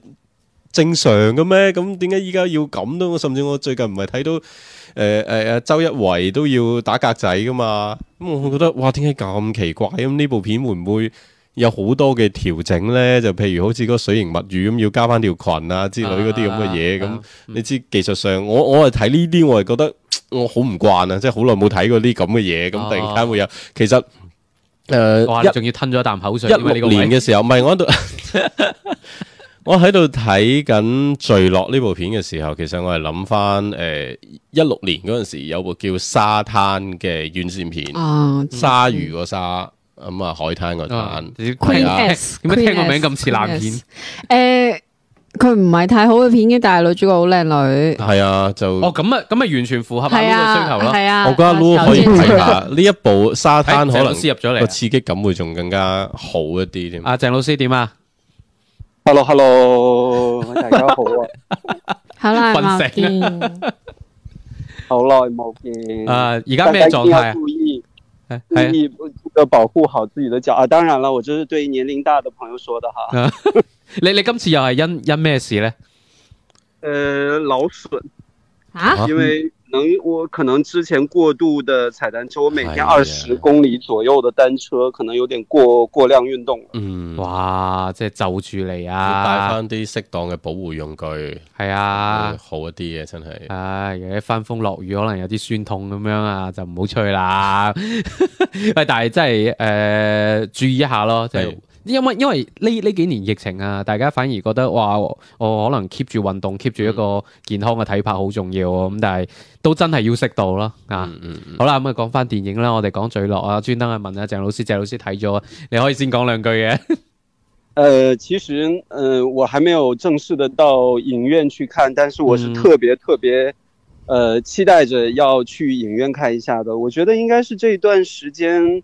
正常嘅咩？咁點解依家要咁多？甚至我最近唔係睇到，誒、呃、誒、呃、周一圍都要打格仔噶嘛？咁我覺得，哇，點解咁奇怪？咁呢部片會唔會？有好多嘅調整咧，就譬如好似嗰個水形物語咁，要加翻條裙啊，之類嗰啲咁嘅嘢咁。啊、你知技術上，嗯、我我係睇呢啲，我係覺得我好唔慣啊，即係好耐冇睇過啲咁嘅嘢，咁、哦、突然間會有。其實誒，仲、呃、要吞咗一啖口水。一年嘅時候，唔係我喺度，我喺度睇緊墜落呢部片嘅時候，其實我係諗翻誒，呃、一六年嗰陣時有部叫沙灘嘅院線片，啊、嗯，鯊魚個鯊。咁啊，海灘嗰單 q u e，點解聽個名咁似爛片？誒，佢唔係太好嘅片嘅，但係女主角好靚女。係啊，就哦咁啊，咁啊，完全符合啊 l o 嘅需求啦。係啊，我覺得 l o 可以睇下呢一部沙灘，可能先入咗嚟個刺激感會仲更加好一啲。點阿鄭老師點啊？Hello，Hello，大家好啊！瞓醒啦，見，好耐冇見。啊，而家咩狀態？你記得保護好自己的腳啊！當然了，我這是對年齡大的朋友說的哈 你你今次又係因因咩事呢？誒、呃，勞損。啊，因為能我可能之前過度的踩單車，我每天二十公里左右的單車，可能有點過過量運動。嗯，哇，即係就住你啊！帶翻啲適當嘅保護用具，係啊，好一啲啊真係。唉，一翻翻風落雨，可能有啲酸痛咁樣啊，就唔好出去啦。喂， 但係真係誒，注意一下咯，即係。因為因為呢呢幾年疫情啊，大家反而覺得話我可能 keep 住運動，keep 住一個健康嘅體魄好重要咁，啊，但係都真係要識到啦。啊，嗯、好啦，咁啊講翻電影啦，我哋講墜落啊，專登去問阿鄭老師，鄭老師睇咗，你可以先講兩句嘅。誒、 呃，其實誒、呃，我還沒有正式的到影院去看，但是我是特別特別誒、呃、期待着要去影院看一下的。我覺得應該是這一段時間。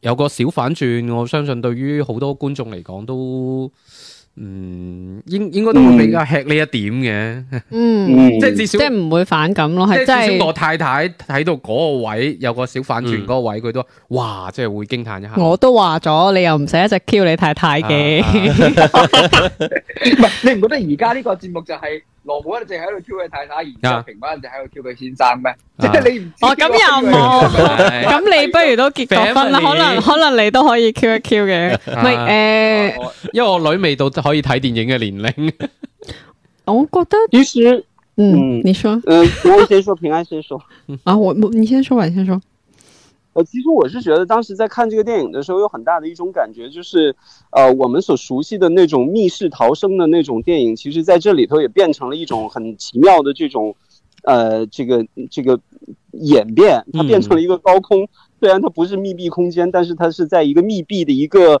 有個小反轉，我相信對於好多觀眾嚟講都。嗯，應應該都比較吃呢一點嘅，嗯，即係至少即係唔會反感咯，即係我太太睇到嗰個位有個小反轉嗰個位，佢都哇，即係會驚嘆一下。我都話咗，你又唔使一直 Q 你太太嘅，你唔覺得而家呢個節目就係羅母一直喺度 Q 佢太太，而家平一直喺度 Q 佢先生咩？即係你唔哦咁又冇，咁你不如都結咗婚啦，可能可能你都可以 Q 一 Q 嘅，係誒，因為我女未到，可以睇電影嘅年齡，我覺得其實，嗯，嗯你說，嗯、呃，平安先說，平安先說 啊，我你先說吧，你先說，呃，其實我是覺得當時在看這個電影的時候，有很大的一種感覺，就是，呃，我們所熟悉的那種密室逃生的那種電影，其實在這裏頭也變成了一種很奇妙的這種，呃，這個這個演變，它變成了一個高空，嗯、雖然它不是密閉空間，但是它是在一個密閉的一個。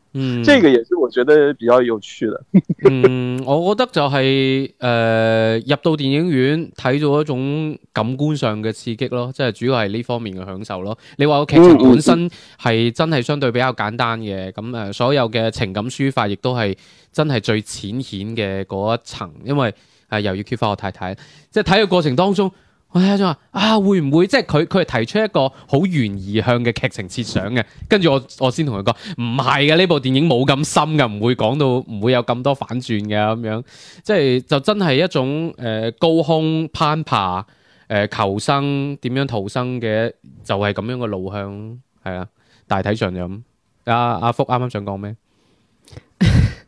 嗯，這個也是我覺得比較有趣的。嗯， 我覺得就係、是、誒、呃、入到電影院睇到一種感官上嘅刺激咯，即係主要係呢方面嘅享受咯。你話個劇情本身係真係相對比較簡單嘅，咁、嗯、誒、呃、所有嘅情感抒發亦都係真係最淺顯嘅嗰一層，因為係、呃、又要 keep 我太太，即係睇嘅過程當中。我喺度話啊，會唔會即係佢佢係提出一個好懸疑向嘅劇情設想嘅？跟住我我先同佢講，唔係嘅，呢部電影冇咁深㗎，唔會講到，唔會有咁多反轉嘅咁樣，即係就真係一種誒高空攀爬誒、呃、求生點樣逃生嘅，就係咁樣嘅路向係啊。大體上咁，阿阿福啱啱想講咩？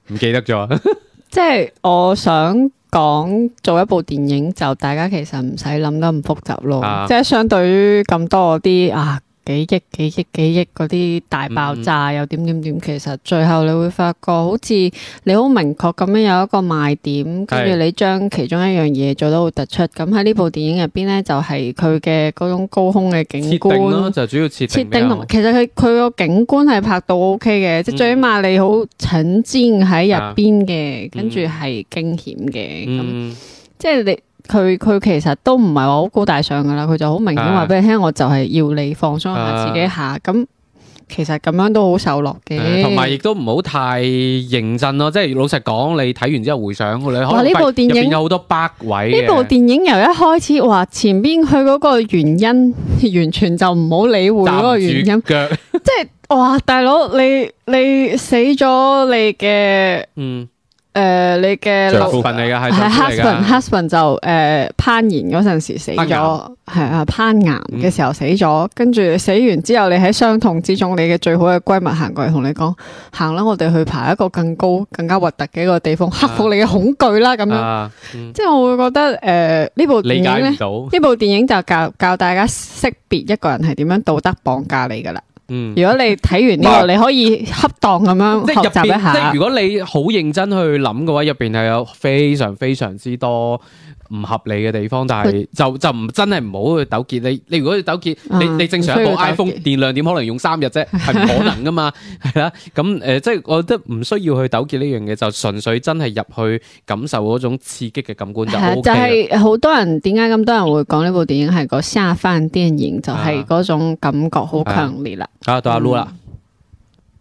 唔記得咗，即係我想。講做一部電影，就大家其實唔使諗得咁複雜咯，uh. 即係相對於咁多嗰啲啊，幾億、幾億、幾億嗰啲大爆炸又點點點，其實最後你會發覺好似你好明確咁樣有一個賣點，跟住是你將其中一樣嘢做得好突出。咁喺呢部電影入邊呢，就係佢嘅嗰種高空嘅景觀咯，就主要設定同埋。其實佢佢個景觀係拍到 OK 嘅，嗯、即係最起碼你好緊張喺入邊嘅，跟住係驚險嘅，咁即係你。佢佢其實都唔係話好高大上噶啦，佢就好明顯話俾你聽，啊、我就係要你放鬆下自己下。咁、啊、其實咁樣都好受落嘅，同埋亦都唔好太認真咯。即係老實講，你睇完之後回想，你可能哇呢部電影入邊有好多 bug 位。呢部電影由一開始，哇前邊去嗰個原因完全就唔好理會嗰個原因，原因站住腳 即係哇大佬你你，你死咗你嘅嗯。誒、呃，你嘅部分嚟噶係 husband，husband 就誒、呃、攀岩嗰陣時死咗，係啊攀岩嘅、啊、時候死咗，嗯、跟住死完之後，你喺傷痛之中，你嘅最好嘅閨蜜行過嚟同你講，行啦，我哋去爬一個更高、更加核突嘅一個地方，克服你嘅恐懼啦，咁樣，啊啊嗯、即係我會覺得誒呢、呃、部電影呢部電影就教教大家識別一個人係點樣道德綁架你噶啦。嗯，如果你睇完呢個，是你可以恰當咁樣學習一下。即係入邊，即係如果你好認真去諗嘅話，入邊係有非常非常之多唔合理嘅地方，但係就就唔真係唔好去糾結你。你如果去糾結，嗯、你你正常一部 iPhone 電量點可能用三日啫，係唔可能噶嘛，係啦。 咁誒、呃，即係我覺得唔需要去糾結呢樣嘢，就純粹真係入去感受嗰種刺激嘅感官就 OK 啦。就係好多人點解咁多人會講呢部電影係個下飯電影，就係嗰種感覺好強烈啦、啊。啊，到阿 Lu 啦。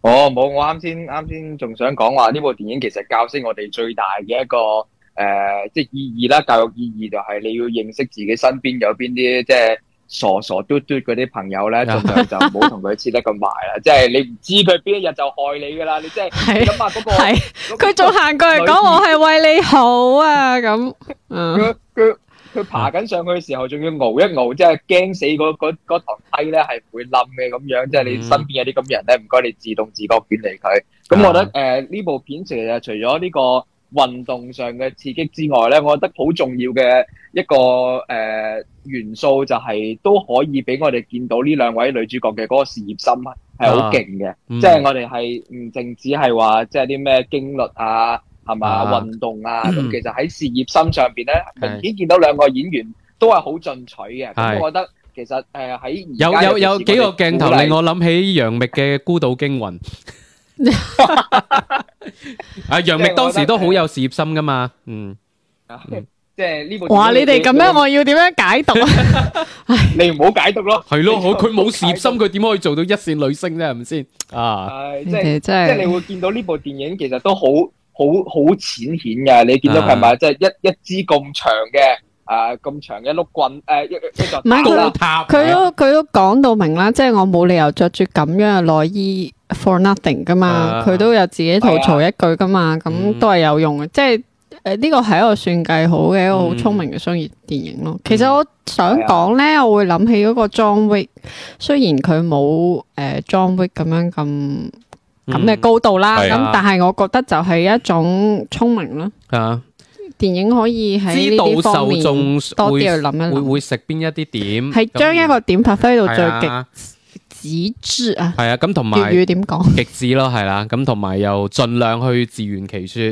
嗯、哦，冇，我啱先啱先仲想講話呢部電影其實教識我哋最大嘅一個。誒、呃，即係意義啦，教育意義就係你要認識自己身邊有邊啲即係傻傻嘟嘟嗰啲朋友咧，盡量就唔好同佢黐得咁埋啦。 即係你唔知佢邊一日就害你噶啦。你即係咁啊，嗰是、嗰個係佢仲行過嚟講我係為你好啊，咁佢佢佢爬緊上去嘅時候，仲要熬一熬，即係驚死嗰堂梯咧係會冧嘅咁樣。即係、嗯、你身邊有啲咁嘅人咧，唔該你自動自覺遠離佢。咁我覺得誒，呢部片其實除咗呢、呢個。運動上嘅刺激之外咧，我覺得好重要嘅一個誒、呃、元素就係都可以俾我哋見到呢兩位女主角嘅嗰個事業心係好勁嘅，即係我哋係唔淨止係話即係啲咩經歷啊，係嘛運動啊咁，啊嗯、其實喺事業心上邊咧，是明顯見到兩個演員都係好進取嘅。是我覺得其實誒喺、呃、有，有有有幾個鏡頭令我諗起楊冪嘅孤島驚魂。 啊，楊冪當時都好有事業心噶嘛，嗯，即係呢部哇，你哋咁樣我要點樣解讀啊？你唔好解讀咯，係咯，佢冇事業心，佢點可以做到一線女星咧？係咪先啊？係即係即係，即係你會見到呢部電影，其實都好好好淺顯噶。你見到係咪？即係一一支咁長嘅啊，咁長嘅一碌棍誒，一個高塔，佢都佢都講到明啦。即係我冇理由着住咁樣嘅內衣。For nothing 噶嘛，佢都有自己吐槽一句噶嘛，咁都係有用嘅。即係誒呢個係一個算計好嘅一個好聰明嘅商業電影咯。其實我想講咧，我會諗起嗰個 John Wick，雖然佢冇誒 John Wick 咁樣咁咁嘅高度啦，咁但係我覺得就係一種聰明咯。係啊，電影可以喺呢啲方面，多啲去諗一諗，會會食邊一啲點，係將一個點發揮到最極。極致啊，係啊，咁同埋粵語點講？極致咯，係啦 ，咁同埋又盡量去自圓其說，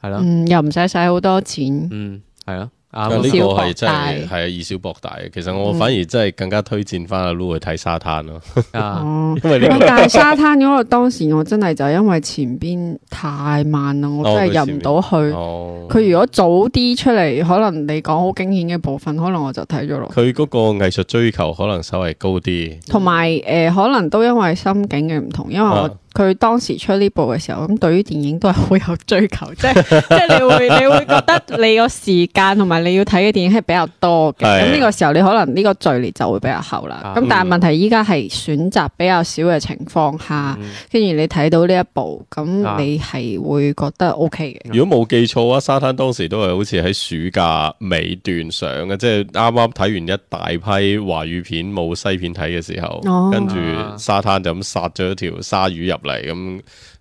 係咯，嗯，又唔使使好多錢，嗯，係啊。啊！呢、嗯、個係真係係以小博大嘅，其實我反而真係更加推薦翻阿 LU 去睇沙灘咯。啊、嗯，因為大沙灘、那個，我當時我真係就因為前邊太慢啦，我真係入唔到去。佢、哦哦、如果早啲出嚟，可能你講好驚險嘅部分，可能我就睇咗咯。佢嗰個藝術追求可能稍為高啲，同埋誒，可能都因為心境嘅唔同，因為我。啊佢當時出呢部嘅時候，咁、嗯、對於電影都係好有追求， 即係即係你會你會覺得你個時間同埋你要睇嘅電影係比較多嘅，咁呢 個時候你可能呢個序列就會比較厚啦。咁、啊、但係問題依家係選擇比較少嘅情況下，跟住、啊嗯、你睇到呢一部，咁、啊、你係會覺得 O K 嘅。如果冇記錯啊，沙灘當時都係好似喺暑假尾段上嘅，即係啱啱睇完一大批華語片冇西片睇嘅時候，跟住、哦、沙灘就咁殺咗一條鯊魚入。.嚟咁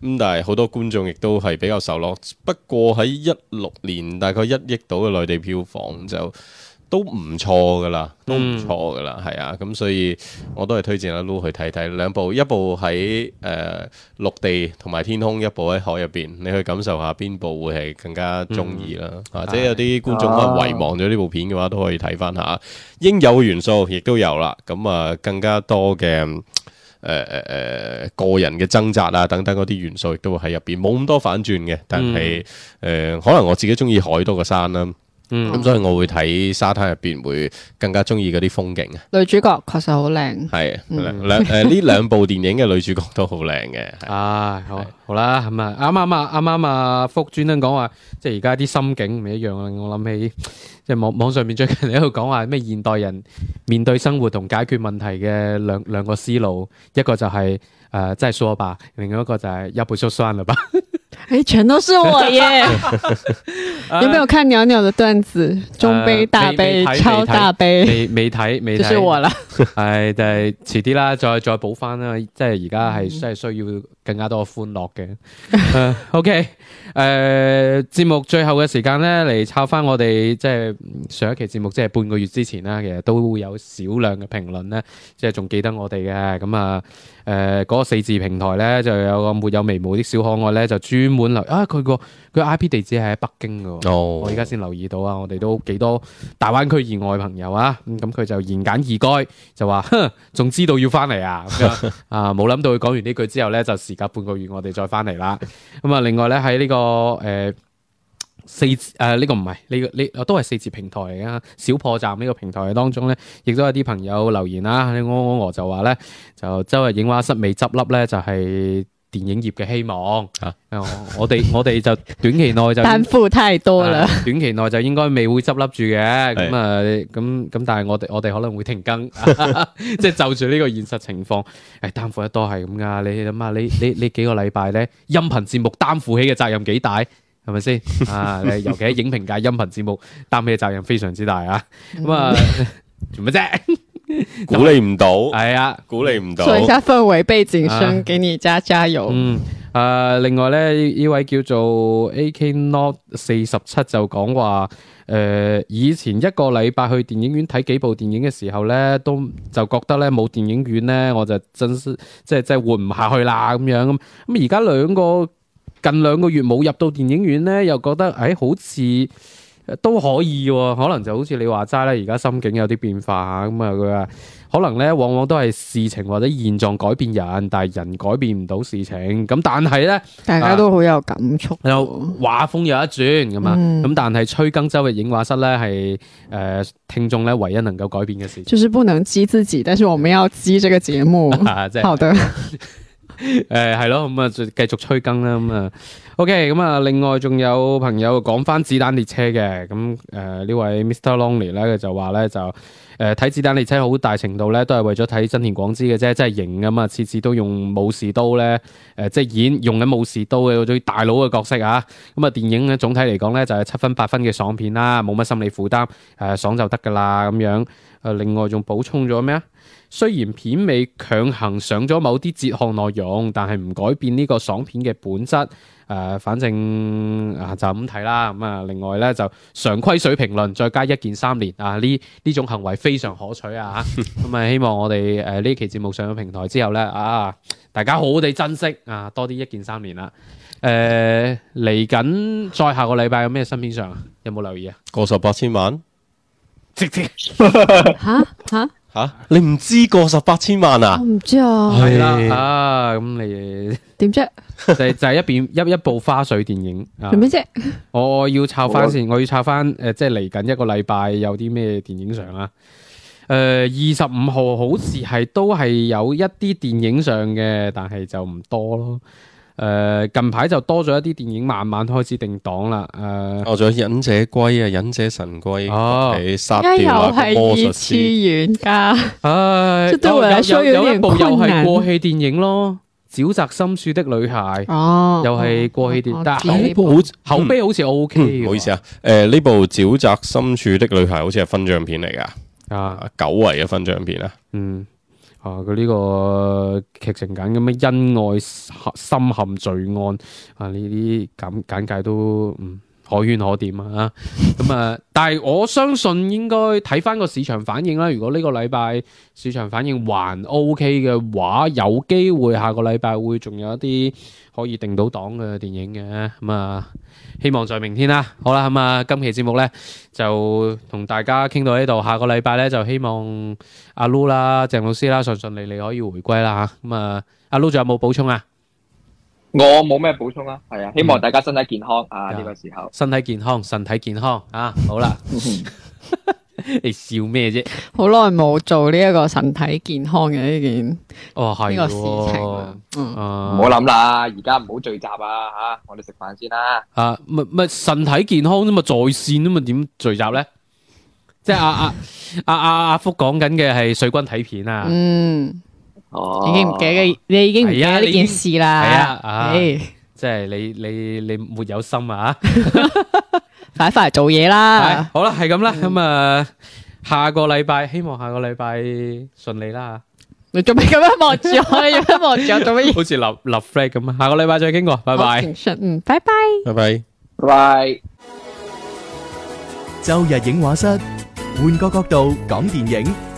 咁，但係好多觀眾亦都係比較受落。不過喺一六年大概一億度嘅內地票房就都唔錯噶啦，都唔錯噶啦，係啊。咁、嗯嗯、所以我都係推薦阿 Lu 去睇睇兩部，一部喺誒陸地同埋天空，一部喺海入邊。你去感受下邊部會係更加中意啦，嗯、或者有啲觀眾啊遺忘咗呢部片嘅話，都可以睇翻下。應有嘅元素亦都有啦，咁、嗯、啊更加多嘅。誒誒誒個人嘅掙扎啦，等等嗰啲元素，亦都會喺入邊冇咁多反轉嘅。但係誒、嗯呃、可能我自己鍾意海多過山啦、啊。嗯，咁所以我會睇沙灘入邊會更加中意嗰啲風景啊。女主角確實好靚，係是，兩誒呢兩部電影嘅女主角都好靚嘅。啊，好是好啦，咁啊啱啱啊啱啱阿福專登講話，即係而家啲心境唔一樣啦。我諗起即係網網上面最近喺度講話咩現代人面對生活同解決問題嘅兩兩個思路，一個就係誒即係說吧，另外一個就係、是、要不就算了吧。誒，全都是我耶！有、 啊、沒有看鳥鳥的段子？中杯、大杯、啊、超大杯，未未睇，就是我啦。係就係遲啲啦，再再補翻啦。即係而家係真係需要更加多嘅歡樂嘅。 uh, OK，誒、呃，節目最後嘅時間咧，嚟，抄翻我哋即係上一期節目，即係半個月之前啦。其實都會有少量嘅評論咧，即係仲記得我哋嘅。咁啊，誒，嗰個四字平台咧，就有個沒有眉毛啲小可愛咧，就專門。滿流啊！佢個佢 I P 地址係喺北京嘅，oh. 我而家先留意到啊！我哋都幾多大灣區以外朋友啊！咁、嗯、佢就言簡意賅，就話仲知道要翻嚟啊！ 啊，冇諗到佢講完呢句之後咧，就時隔半個月我哋再翻嚟啦。咁啊，另外咧喺呢、這個誒、呃、四誒呢、呃這個唔係呢個呢、這個這個這個這個、都係四字平台嚟嘅，小破站呢個平台嘅當中咧，亦都有啲朋友留言啦。我我我就話咧，就周日映畫室未執笠咧，就係、是。電影業嘅希望啊！我我哋我哋就短期內就擔負太多啦，短期內就應該未會執笠住嘅。咁啊，咁咁，但係我哋我哋可能會停更，即係就住呢個現實情況。誒，擔負得多係咁噶。你諗下，你你你幾個禮拜咧，音頻節目擔負起嘅責任幾大，係咪先啊？尤其喺影評界，音頻節目擔起嘅責任非常之大啊！咁啊，做咩啫。 鼓勵唔到，係啊，鼓勵唔到。做一下氛圍背景聲，給你加加油。啊、嗯，誒、呃，另外咧，呢位叫做 A K Not 四十七就講話，誒、呃，以前一個禮拜去電影院睇幾部電影嘅時候呢，都就覺得咧冇電影院呢，我就真即係即係活唔下去啦咁樣。咁咁而家兩個近兩個月冇入到電影院呢，又覺得誒、哎，好似。都可以喎、哦，可能就好似你話齋咧，而家心境有啲變化咁啊佢話可能咧，往往都係事情或者現狀改變人，但係人改變唔到事情。咁但係咧，大家都好有感觸、哦。有畫、啊、風有一轉咁啊，咁、嗯、但係吹更周嘅映畫室咧係誒，聽眾咧唯一能夠改變嘅事情，就是不能激自己，但是我們要激這個節目。 好的。 誒，係咯、 嗯，咁啊，繼、嗯、續催更啦，咁、嗯、啊，OK，咁、嗯、啊，另外仲有朋友講翻子彈列車嘅，咁誒呢位 Mr Longley 咧，佢就話咧就誒睇子彈列車好大程度咧都係為咗睇真田廣之嘅啫，真係型啊嘛，次次都用武士刀咧，誒、呃、即係演用緊武士刀嘅嗰種大佬嘅角色啊，咁、嗯、啊電影咧總體嚟講咧就係、是、七分八分嘅爽片啦，冇乜心理負擔，誒、呃、爽就得噶啦咁樣，誒、嗯、另外仲補充咗咩啊？雖然片尾強行上咗某啲哲學內容，但係唔改變呢個爽片嘅本質。誒、呃，反正啊，就咁睇啦。咁啊，另外呢，就常規水平論，再加一鍵三連啊，呢呢種行為非常可取啊。咁啊、嗯，希望我哋誒呢期節目上咗平台之後呢，啊，大家好好地珍惜啊，多啲一鍵三連啦、啊。誒、啊，嚟緊再下個禮拜有咩新片上啊？有冇留意啊？過十八千萬直接吓吓。哈哈 吓、啊！你唔知過十八千萬啊？我唔知啊。係啦，啊咁你點啫？ 就就係一邊一一部花絮電影係咩啫？我要抄翻先，啊、我要抄翻誒，即係嚟緊一個禮拜有啲咩電影上啊？誒、呃，二十五號好似係都係有一啲電影上嘅，但係就唔多咯。誒，uh, 近排就多咗一啲電影，慢慢開始定檔啦。誒、uh，哦，仲有《忍者龜》啊，《忍者神龜》哦、oh，殺掉啊魔術師。而家又係二次元噶、啊，唉、uh,，又有，有，有一部又係過氣電影咯，人《沼澤深處的女孩》哦，又係過氣電影，但呢部好口碑好似 OK。唔好意思啊，誒、呃，呢部《沼澤深處的女孩》好似係分賬片嚟噶，啊，久違嘅分賬片啊，嗯。啊！佢、這、呢個劇情緊咁咩？恩愛，深陷罪案啊！呢啲簡簡介都、嗯可圈可點啊！咁啊，但係我相信應該睇返個市場反應啦。如果呢個禮拜市場反應還 OK 嘅話，有機會下個禮拜會仲有一啲可以定到檔嘅電影嘅。咁啊，希望在明天啦。好啦，咁啊，今期節目呢就同大家傾到呢度。下個禮拜呢就希望阿 Lu 啦、鄭老師啦順順利利可以回歸啦嚇。咁啊，阿 Lu 仲有冇補充啊？我冇咩補充啊，係啊！希望大家身體健康啊！嗯，呢個時候，身體健康，身體健康啊！好啦， 你笑咩啫？好耐冇做呢一個身體健康嘅呢件哦，係呢、啊、個事情啊！唔好諗啦，而家唔好聚集啊！吓、啊，我哋食飯先啦，啊 啊。啊，咪咪身體健康啫嘛，在線啊嘛，點聚集咧？即係阿阿阿阿阿福講緊嘅係水軍睇片啊！嗯、啊。哦，已經唔記嘅，你已經唔記得呢件事啦。係啊，啊，即係你你你沒有心啊，快快嚟做嘢啦。好啦，係咁啦，咁啊，下個禮拜希望下個禮拜順利啦吓。你做咩咁樣望住我？你做咩咁樣望住我？做咩？好似立立 flag 咁啊！下個禮拜再傾過，拜拜。嗯，拜拜。拜拜，拜。周日影畫室，換個角度講電影。